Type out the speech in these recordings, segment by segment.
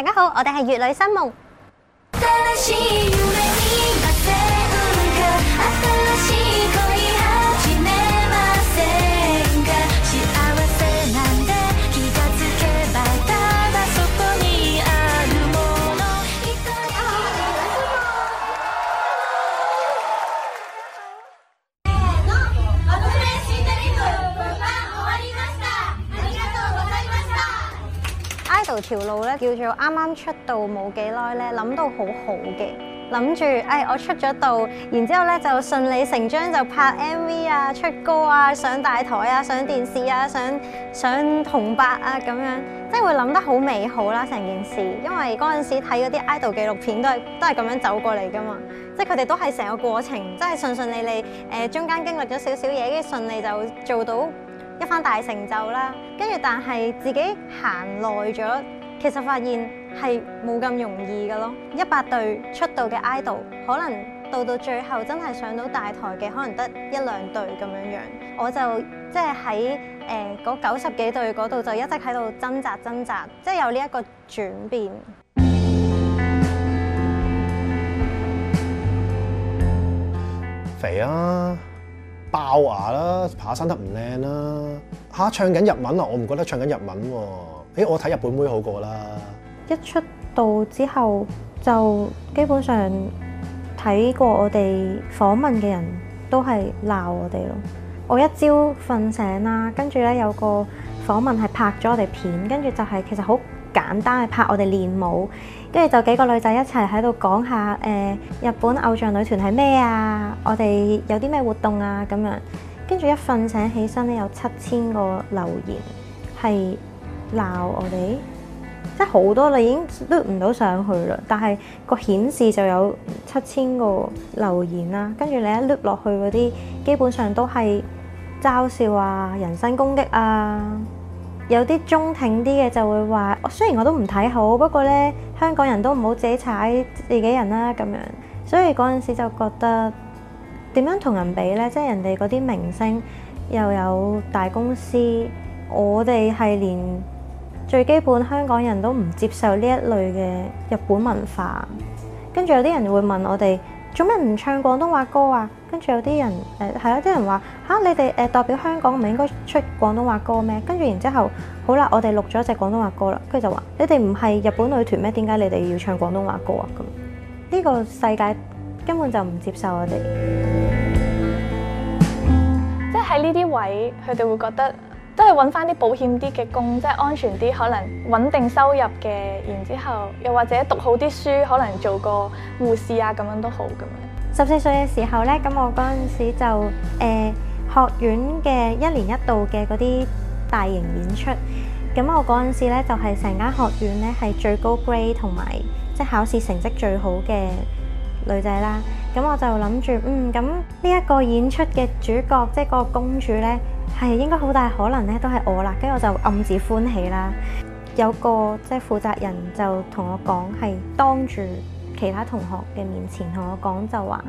大家好，我哋係乙女新夢。條條路咧叫做啱啱出道冇幾耐咧，諗到好好嘅，諗住誒我出咗道，然之後咧就順理成章就拍 MV 啊、出歌啊、上大台啊、上電視啊、上上紅白啊咁樣，即係會諗得好美好啦成件事，因為嗰陣時睇嗰啲 idol 紀錄片都係都係咁樣走過嚟噶嘛，即係佢哋都係成個過程，即係順順利利誒、呃、中間經歷咗少少嘢，跟住順利就做到。一番大成就啦，跟住但係自己行耐咗，其實發現係冇咁容易嘅咯。一百對出道嘅 idol，可能到到最後真係上到大台嘅，可能得一兩對咁樣樣。我就即係喺誒嗰九十幾對嗰度，就一直喺度掙扎掙扎，即係有呢一個轉變。肥啊！爆牙啦，爬山得唔靚啦，吓、啊，唱緊日，日文啊！哎、我唔覺得唱緊日文喎，誒我睇日本妹好過啦。一出道之後就基本上睇過我哋訪問嘅人都係鬧我哋咯。我一朝瞓醒啦，跟住咧有個訪問係拍咗我哋片，跟住就係、是、其實好。簡單去拍我哋練舞，跟住就幾個女仔一齊喺度講下誒、呃、日本偶像女團係咩啊？我哋有啲咩活動啊？咁樣跟住一瞓醒起身咧，有七千個留言係鬧我哋，即係好多啦，已經 load 唔到上去啦。但係個顯示就有七千個留言啦。跟住你一碌落去嗰啲，基本上都係嘲笑啊、人身攻擊啊。有啲中挺啲嘅就會話，我、oh, 雖然我都唔睇好，不過呢，香港人都唔好自己踩自己人啦咁樣。所以嗰陣時就覺得點樣同人比呢？即係人哋嗰啲明星又有大公司，我哋係連最基本香港人都唔接受呢一類嘅日本文化。跟住有啲人會問我哋。做咩唔唱廣東話歌啊？跟住有啲人誒係、呃、有啲人話嚇你哋誒代表香港唔係應該出廣東話歌咩？跟住然之後好啦，我哋錄咗隻廣東話歌啦。跟住就話你哋唔係日本女團咩？點解你哋要唱廣東話歌啊？咁呢個世界根本就唔接受我哋，即係呢啲位佢哋會覺得。都係揾翻啲保險啲嘅工，即係安全啲，可能穩定收入嘅。然之後又或者讀好啲書，可能做個護士啊，咁樣都好咁樣。十四歲嘅時候呢，咁我嗰陣時就誒、呃、學院嘅一年一度嘅嗰啲大型演出，咁我嗰陣時咧就係成間學院呢係最高 grade 同埋即係考試成績最好嘅女仔啦。咁我就諗住，嗯，咁呢一個演出嘅主角，即係個公主呢。係應該好大可能咧，都係我啦。跟住我就暗自歡喜啦。有個即係負責人就同我講，係當住其他同學嘅面前同我講，就話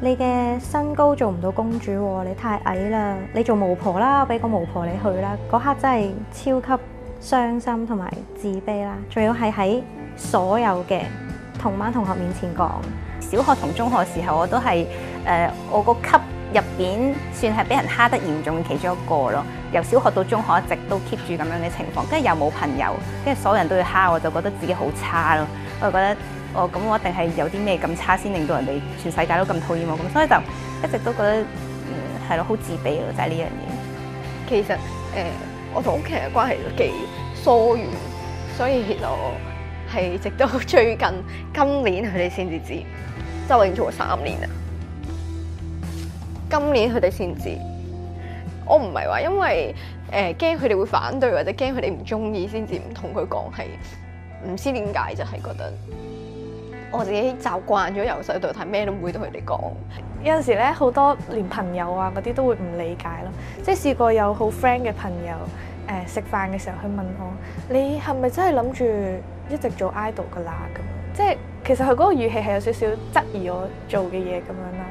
你嘅身高做唔到公主喎，你太矮啦，你做巫婆啦，我俾個巫婆你去啦。嗰刻真係超級傷心同埋自卑啦。仲要係喺所有嘅同班同學面前講，小學同中學時候我都係誒、呃，我個級。入邊算係俾人蝦得嚴重嘅其中一個咯，由小學到中學一直都 keep 住咁樣嘅情況，跟住又冇朋友，跟住所有人都要蝦，我就覺得自己好差咯。我就覺得我咁，哦、我一定係有啲咩咁差先令到人哋全世界都咁討厭我，咁所以就一直都覺得係咯，好、嗯、自卑咯，就係呢樣嘢。其實誒、呃，我同屋企人嘅關係都幾疏遠，所以其實我係直到最近今年佢哋先至知，就已經做咗三年啦。今年佢哋先知，我唔係話因為誒、驚佢哋會反對或者驚佢哋唔中意先至唔同佢講，係唔知點解就係、是、覺得我自己習慣咗由細到大咩都唔會同佢哋講。有陣時咧好多連朋友啊嗰啲都會唔理解咯，即係試過有好 friend 嘅朋友誒食飯嘅時候去問我，你係咪真係諗住一直做 idol 噶啦？咁即係其實佢嗰個語氣係有少少質疑我做嘅嘢咁樣啦。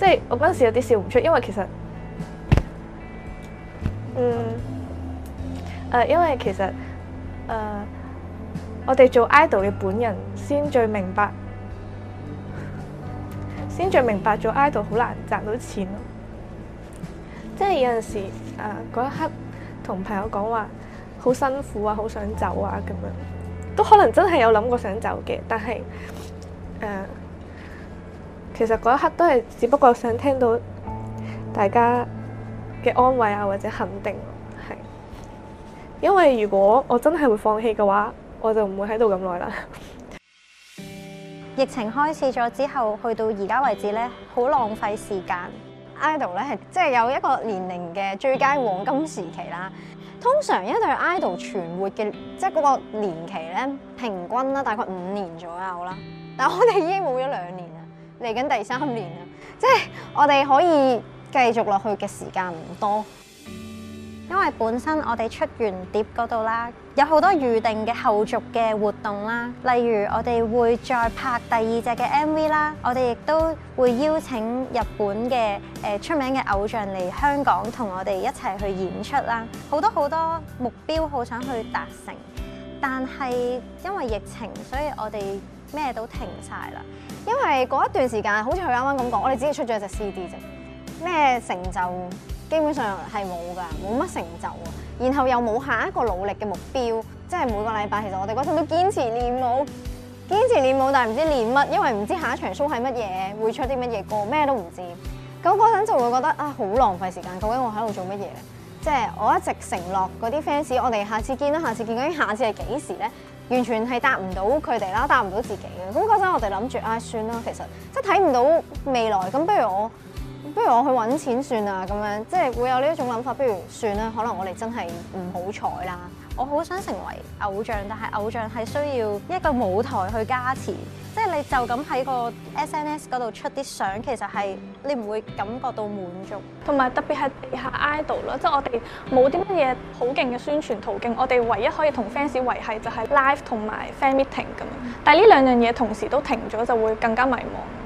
即係我嗰時有啲笑唔出，因為其實，嗯，誒、呃，因為其實，誒、呃，我哋做 idol 嘅本人先最明白，先最明白做 idol 好難賺到錢咯。即係有陣時，誒、呃，嗰一刻同朋友講話好辛苦啊，好想走啊，咁樣都可能真係有諗過想走嘅，但係，誒、呃。其實嗰一刻都係，只不過想聽到大家嘅安慰啊，或者肯定，係因為如果我真係會放棄嘅話，我就唔會喺度咁耐啦。疫情開始咗之後，去到而家為止咧，好浪費時間。IDOL 咧係即係有一個年齡嘅最佳黃金時期啦。通常一隊 IDOL 存活嘅即係嗰個年期咧，平均啦大概五年左右啦，但係我哋已經冇咗兩年。嚟緊第三年啦，即係我哋可以繼續落去嘅時間唔多，因為本身我哋出完碟嗰度啦，有好多預定嘅後續嘅活動啦，例如我哋會再拍第二隻嘅 MV 啦，我哋亦都會邀請日本嘅誒、呃、出名嘅偶像嚟香港同我哋一齊去演出啦，好多好多目標好想去達成，但係因為疫情，所以我哋。咩都停晒啦，因為嗰一段時間好似佢啱啱咁講，我哋只係出咗一隻 CD 啫，咩成就基本上係冇㗎，冇乜成就啊。然後又冇下一個努力嘅目標，即係每個禮拜其實我哋嗰陣都堅持練舞，堅持練舞，但係唔知練乜，因為唔知下一場 show 係乜嘢，會出啲乜嘢歌，咩都唔知。咁嗰陣就會覺得啊，好浪費時間，究竟我喺度做乜嘢咧？即係我一直承諾嗰啲 fans，我哋下次見啦，下次見，究竟下次係幾時咧？完全係答唔到佢哋啦，答唔到自己嘅。咁嗰陣我哋諗住，唉、啊，算啦，其實即係睇唔到未來，咁不如我，不如我去揾錢算啦，咁樣即係會有呢一種諗法。不如算啦，可能我哋真係唔好彩啦。我好想成為偶像，但係偶像係需要一個舞台去加持，即係你就咁喺個 SNS 嗰度出啲相，其實係你唔會感覺到滿足。同埋特別係地下 idol 啦，即係我哋冇啲乜嘢好勁嘅宣傳途徑，我哋唯一可以同 fans 維繫就係 live 同埋 fan meeting 咁。但係呢兩樣嘢同時都停咗，就會更加迷茫。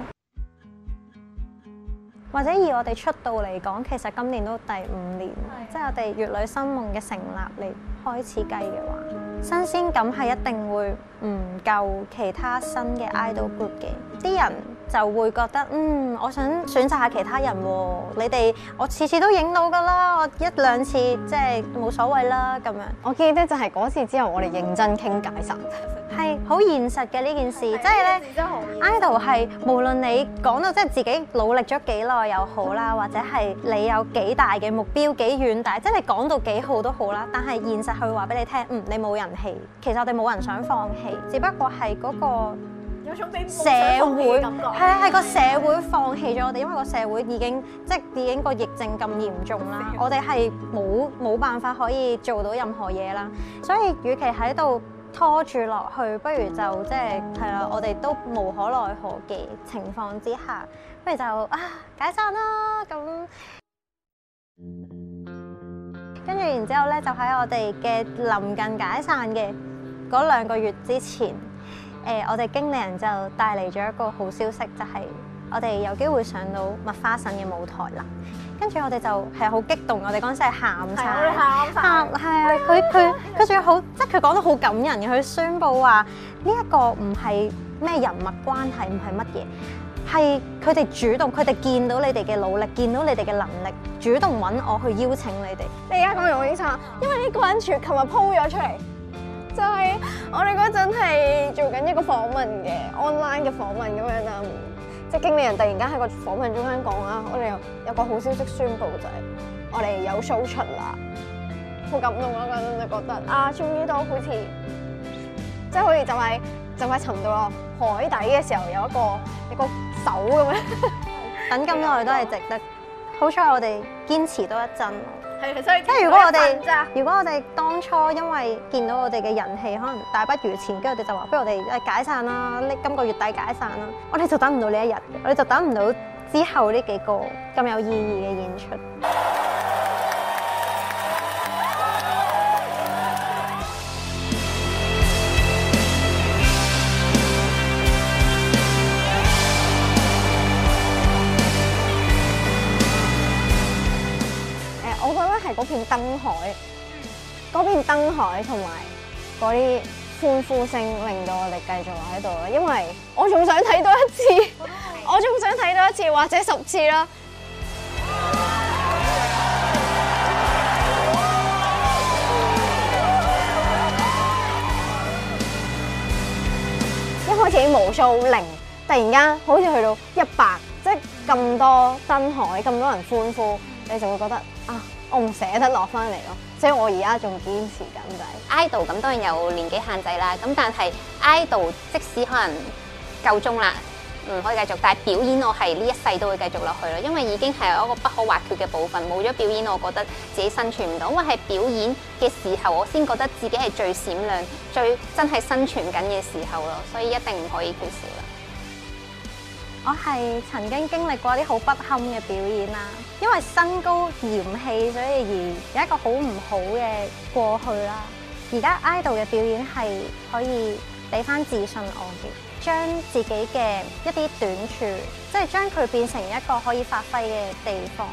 或者以我哋出道嚟講，其實今年都第五年，的即係我哋乙女新夢嘅成立嚟開始計嘅話，新鮮感係一定會唔夠其他新嘅 idol group 嘅，啲人就會覺得嗯，我想選擇下其他人喎、哦。你哋我次次都影到㗎啦，我一兩次即係冇所謂啦咁樣。我記得就係嗰次之後，我哋認真傾解散。係好現實嘅呢件事，嗯、即係呢 idol 係無論你講到即係自己努力咗幾耐又好啦，嗯、或者係你有幾大嘅目標、幾遠大，嗯、即係你講到幾好都好啦。但係現實去話俾你聽，嗯，你冇人氣。其實我哋冇人想放棄，只不過係嗰個有種俾社會係啊係個社會放棄咗我哋，因為個社，社會已經即係已經個疫症咁嚴重啦，嗯嗯、我哋係冇冇辦法可以做到任何嘢啦。所以與其喺度。拖住落去，不如就即係係啦。我哋都無可奈何嘅情況之下，不如就啊，解散啦。咁跟住然之後咧，就喺我哋嘅臨近解散嘅嗰兩個月之前，誒、呃、我哋經理人就帶嚟咗一個好消息，就係、是、我哋有機會上到《麥花臣》嘅舞台啦。跟住我哋就係好激動，我哋嗰陣時係喊曬，係啊對，佢佢佢仲要好，即係佢講得好感人嘅，佢宣布話呢一個唔係咩人脈關係，唔係乜嘢，係佢哋主動，佢哋見到你哋嘅努力，見到你哋嘅能力，主動揾我去邀請你哋。你而家講容易啲差，因為呢個人全琴日 po 咗出嚟，就係、是、我哋嗰陣係做緊一個訪問嘅 online 嘅訪問咁樣啦。即係經理人突然間喺個訪問中間講啊，我哋有有個好消息宣布就係、是、我哋有 show 出啦，好感動啊！嗰陣就覺得啊，終於都好似即係好似就係就快沉到落海底嘅時候有一個有一個手咁樣， 等咁耐都係值得，好彩我哋堅持多一陣。即係如果我哋， 如果我哋當初因為見到我哋嘅人氣可能大不如前，跟住我哋就話不如我哋誒解散啦，呢、這、今個月底解散啦，我哋就等唔到呢一日，我哋就等唔到之後呢幾個咁有意義嘅演出。燈海，嗰邊燈海同埋嗰啲歡呼聲，令到我哋繼續喺度咯。因為我仲想睇多一次， 我仲想睇多一次或者十次啦。一開始冇數零，突然間好似去到一百，即係咁多燈海，咁多人歡呼，你就會覺得啊！我唔捨得落翻嚟咯，即以我而家仲堅持緊仔。idol 咁當然有年紀限制啦，咁但係 idol 即使可能夠鐘啦，唔可以繼續，但係表演我係呢一世都會繼續落去咯，因為已經係一個不可或缺嘅部分。冇咗表演，我覺得自己生存唔到，因為係表演嘅時候，我先覺得自己係最閃亮、最真係生存緊嘅時候咯，所以一定唔可以缺少。我係曾經經歷過啲好不堪嘅表演啦，因為身高嫌棄，所以而有一個好唔好嘅過去啦。而家 idol 嘅表演係可以俾翻自信我哋，將自己嘅一啲短處，即係將佢變成一個可以發揮嘅地方，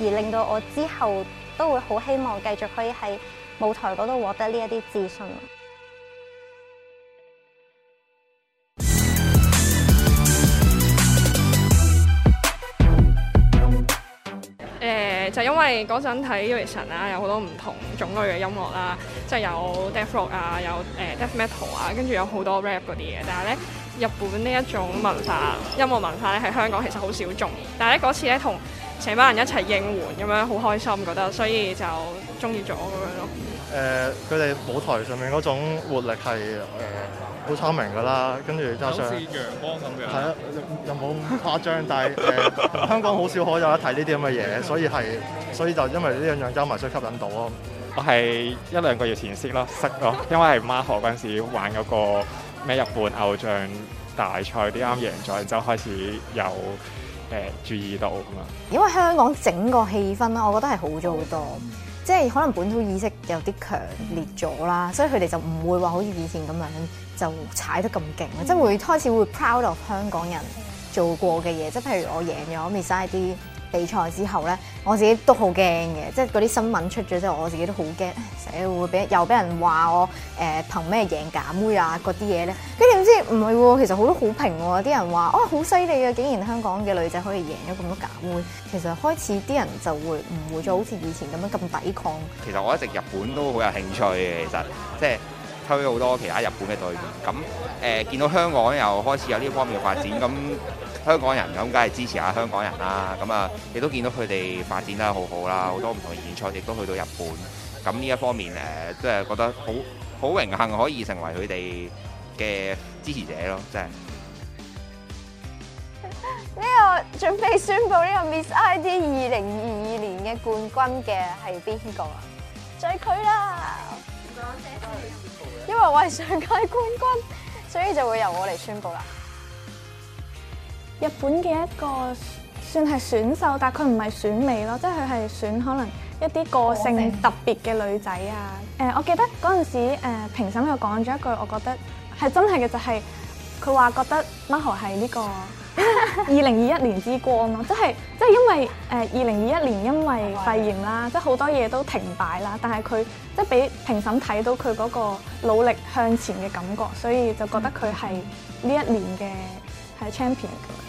而令到我之後都會好希望繼續可以喺舞台嗰度獲得呢一啲自信。就因為嗰陣睇 U2 神啦，an, 有好多唔同種類嘅音樂啦，即係有 death rock 啊，有誒 death metal 啊，跟住有好多 rap 嗰啲嘢。但係咧，日本呢一種文化，音樂文化咧，喺香港其實好小眾。但係咧嗰次咧，同成班人一齊應援咁樣，好開心覺得，所以就鍾意咗咁樣咯。誒佢哋舞台上面嗰種活力係誒好聰明噶啦，跟住加上好似陽光咁樣，係啊、嗯，又冇咁誇張， 但係誒、呃、香港好少可有得睇呢啲咁嘅嘢，所以係所以就因為呢兩樣嘢咪先吸引到咯。我係一兩個月前識咯，識咯，因為係媽學嗰陣時玩嗰個咩日本偶像大賽啲啱贏咗，然之後開始有誒注意到咁啊。因為香港整個氣氛咧，我覺得係好咗好多。即係可能本土意識有啲強烈咗啦，嗯、所以佢哋就唔會話好似以前咁樣就踩得咁勁、嗯、即係會開始會 proud of 香港人做過嘅嘢，嗯、即係譬如我贏咗 Miss ID 比賽之後咧，我自己都好驚嘅，即係嗰啲新聞出咗之後，我自己都好驚，啊、會唔會俾又俾人話我誒、呃、憑咩贏假妹啊嗰啲嘢咧？跟住點知唔係喎，其實好多好評喎、啊，啲人話哦，好犀利啊，竟然香港嘅女仔可以贏咗咁多假妹，其實開始啲人就會唔會再好似以前咁樣咁抵抗？其實我一直日本都好有興趣嘅，其實即係推好多其他日本嘅隊員，咁誒、呃、見到香港又開始有呢方面嘅發展，咁。香港人咁梗係支持下香港人啦，咁啊亦都見到佢哋發展得好好啦，好多唔同演出亦都去到日本。咁、嗯、呢一方面誒，都係覺得好好榮幸可以成為佢哋嘅支持者咯，真係。呢、這個準備宣布呢個 Miss ID 二零二二年嘅冠軍嘅係邊個啊？就係佢啦，謝謝。因為我係上屆冠軍，所以就會由我嚟宣布啦。日本嘅一個算係選秀，但係佢唔係選美咯，即係佢係選可能一啲個性特別嘅女仔啊。誒正、呃，我記得嗰陣時誒、呃、評審佢講咗一句，我覺得係真係嘅，就係佢話覺得 Michael 係呢個二零二一年之光咯，即係即係因為誒二零二一年因為肺炎啦，即係好多嘢都停擺啦，但係佢即係俾評審睇到佢嗰個努力向前嘅感覺，所以就覺得佢係呢一年嘅係 champion。嗯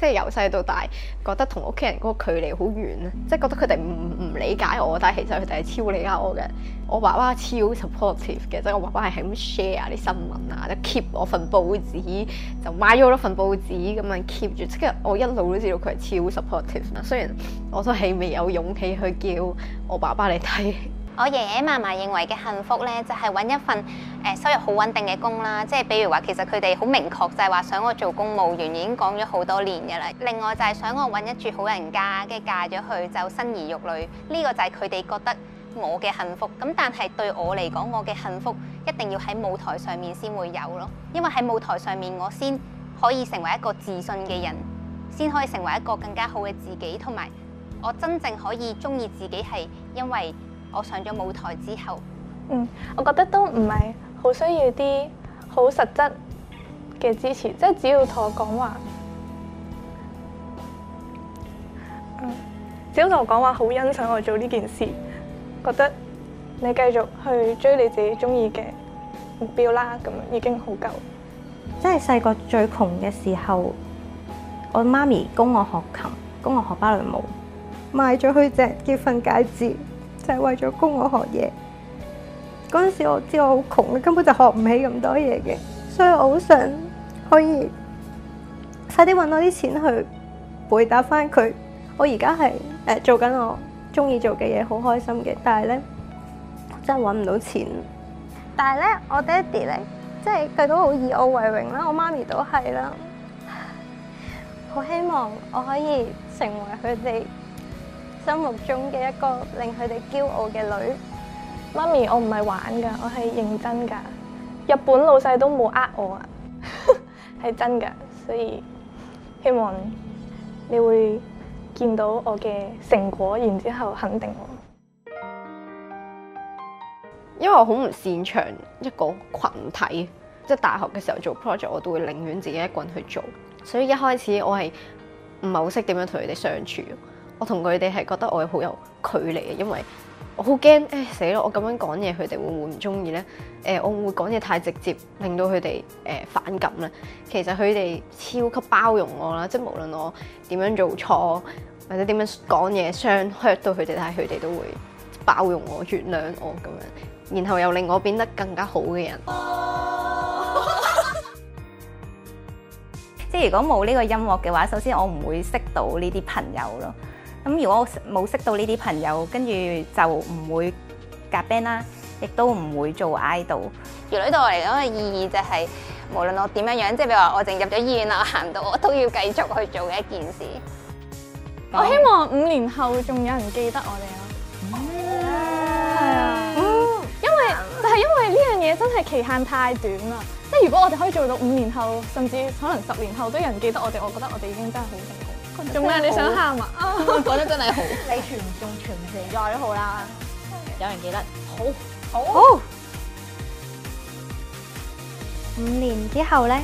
即係由細到大，覺得同屋企人嗰個距離好遠啊！即係覺得佢哋唔唔理解我，但係其實佢哋係超理解我嘅。我爸爸超 supportive 嘅，即係我爸爸係喺咁 share 啲新聞啊，就 keep 我份報紙，就買咗好多份報紙咁樣 keep 住。即係我一路都知道佢係超 supportive。雖然我都係未有勇氣去叫我爸爸嚟睇。我爺爺嫲嫲認為嘅幸福咧，就係、是、揾一份誒、呃、收入好穩定嘅工啦。即係比如話，其實佢哋好明確，就係話想我做公務員，已經講咗好多年嘅啦。另外就係想我揾一住好人家，跟住嫁咗去就生兒育女。呢、這個就係佢哋覺得我嘅幸福。咁但係對我嚟講，我嘅幸福一定要喺舞台上面先會有咯。因為喺舞台上面，我先可以成為一個自信嘅人，先可以成為一個更加好嘅自己，同埋我真正可以鍾意自己係因為。我上咗舞台之後，嗯，我覺得都唔係好需要啲好實質嘅支持，即係只要同我講話，嗯，只要同我講話好欣賞我做呢件事，覺得你繼續去追你自己鍾意嘅目標啦，咁樣已經好夠。即係細個最窮嘅時候，我媽咪供我學琴，供我學芭蕾舞，賣咗佢隻結婚戒指。係為咗供我學嘢，嗰陣時我知我好窮，根本就學唔起咁多嘢嘅，所以我好想可以快啲搵多啲錢去報答返佢。我而家係誒做緊我中意做嘅嘢，好開心嘅，但係咧真係搵唔到錢。但係咧我爹哋咧，即係佢都好以我為榮啦，我媽咪都係啦，好希望我可以成為佢哋心目中嘅一個令佢哋驕傲嘅女，媽咪，我唔係玩噶，我係認真噶。日本老細都冇呃我啊，係 真噶，所以希望你會見到我嘅成果，然之後肯定我。因為我好唔擅長一個群體，即係大學嘅時候做 project，我都會寧願自己一個人去做，所以一開始我係唔係好識點樣同佢哋相處。我同佢哋係覺得我係好有距離嘅，因為我好驚誒死咯！我咁樣講嘢，佢哋會唔會唔中意咧？誒、呃，我會講嘢太直接，令到佢哋誒反感啦。其實佢哋超級包容我啦，即係無論我點樣做錯或者點樣講嘢傷 hurt 到佢哋，但係佢哋都會包容我、原諒我咁樣，然後又令我變得更加好嘅人。即係如果冇呢個音樂嘅話，首先我唔會識到呢啲朋友咯。咁如果我冇識到呢啲朋友，跟住就唔會夾 band 啦，亦都唔會做 idol。乙女對我嚟講嘅意義就係、是，無論我點樣樣，即係譬如話我淨入咗醫院啦，我行唔到我，我都要繼續去做一件事。我希望五年後仲有人記得我哋咯。係啊，因為就係、是、因為呢樣嘢真係期限太短啦。即係如果我哋可以做到五年後，甚至可能十年後都有人記得我哋，我覺得我哋已經真係好。仲咩？你想喊啊？講得真係好。你存仲存唔存在都好啦。有人記得，好，好。五年之後咧，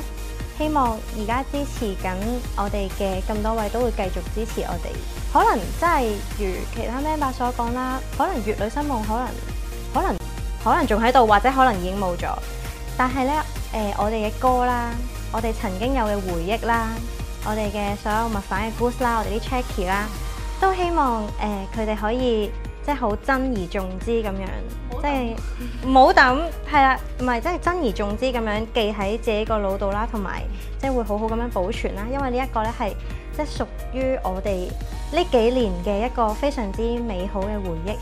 希望而家支持緊我哋嘅咁多位都會繼續支持我哋。可能真係如其他 member 所講啦，可能乙女新夢，可能，可能，可能仲喺度，或者可能已經冇咗。但係咧，誒，我哋嘅歌啦，我哋曾經有嘅回憶啦。我哋嘅所有物品嘅 goods 啦，我哋啲 checky 啦，都希望誒佢哋可以即係好珍而重之咁樣，即係唔好抌係啦，唔係即係珍而重之咁樣記喺自己個腦度啦，同埋即係會好好咁樣保存啦，因為呢一個咧，係即係屬於我哋呢幾年嘅一個非常之美好嘅回憶，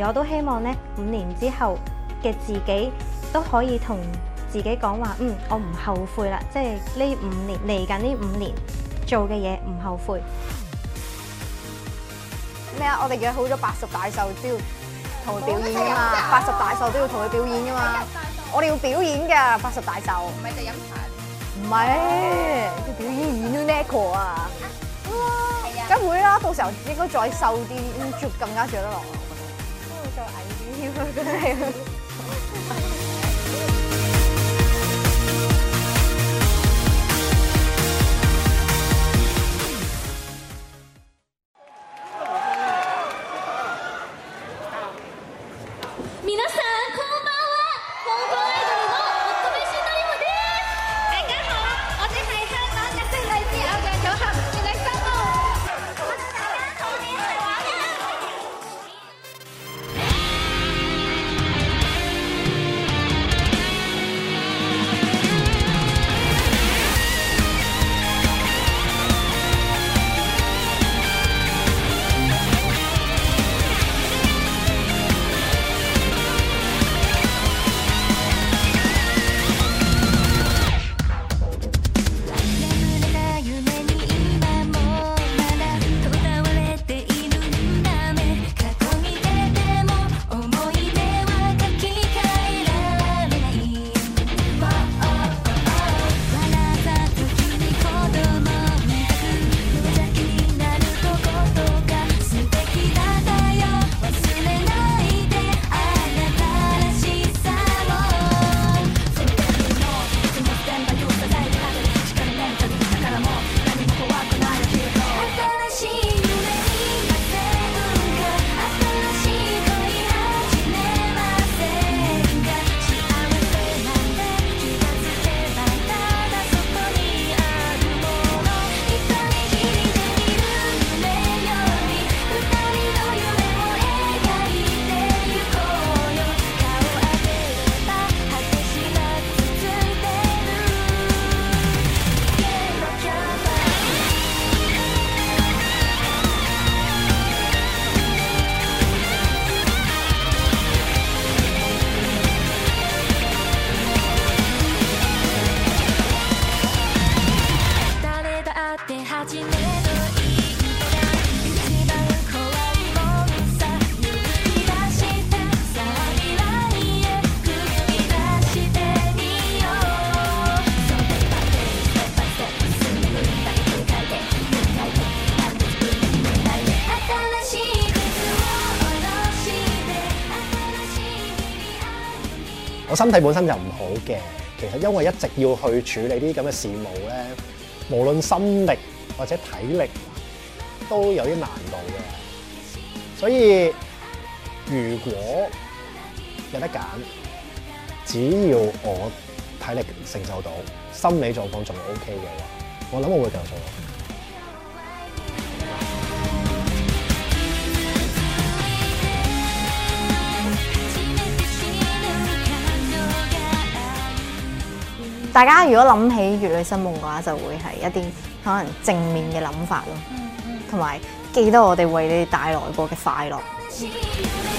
而我都希望咧五年之後嘅自己都可以同。自己講話，嗯，我唔後悔啦，即係呢五年嚟緊呢五年做嘅嘢唔後悔。咩啊？我哋約好咗八十大壽都要同佢表演噶嘛，八十大壽都要同佢表演噶嘛。我哋要表演嘅八十大壽唔係就飲茶，唔係是、哦、要表演演呢 necko 啊。梗哇、啊、會啦，到時候應該再瘦啲，著更加着得落。再矮啲，係咪？ 身體本身就唔好嘅，其實因為一直要去處理啲咁嘅事務咧，無論心力或者體力都有啲難度嘅。所以如果有得揀，只要我體力承受到，心理狀況仲 OK 嘅話，我諗我會繼續做。大家如果諗起乙女新夢嘅話，就會係一啲可能正面嘅諗法咯，同埋、嗯嗯、記得我哋為你哋帶來過嘅快樂。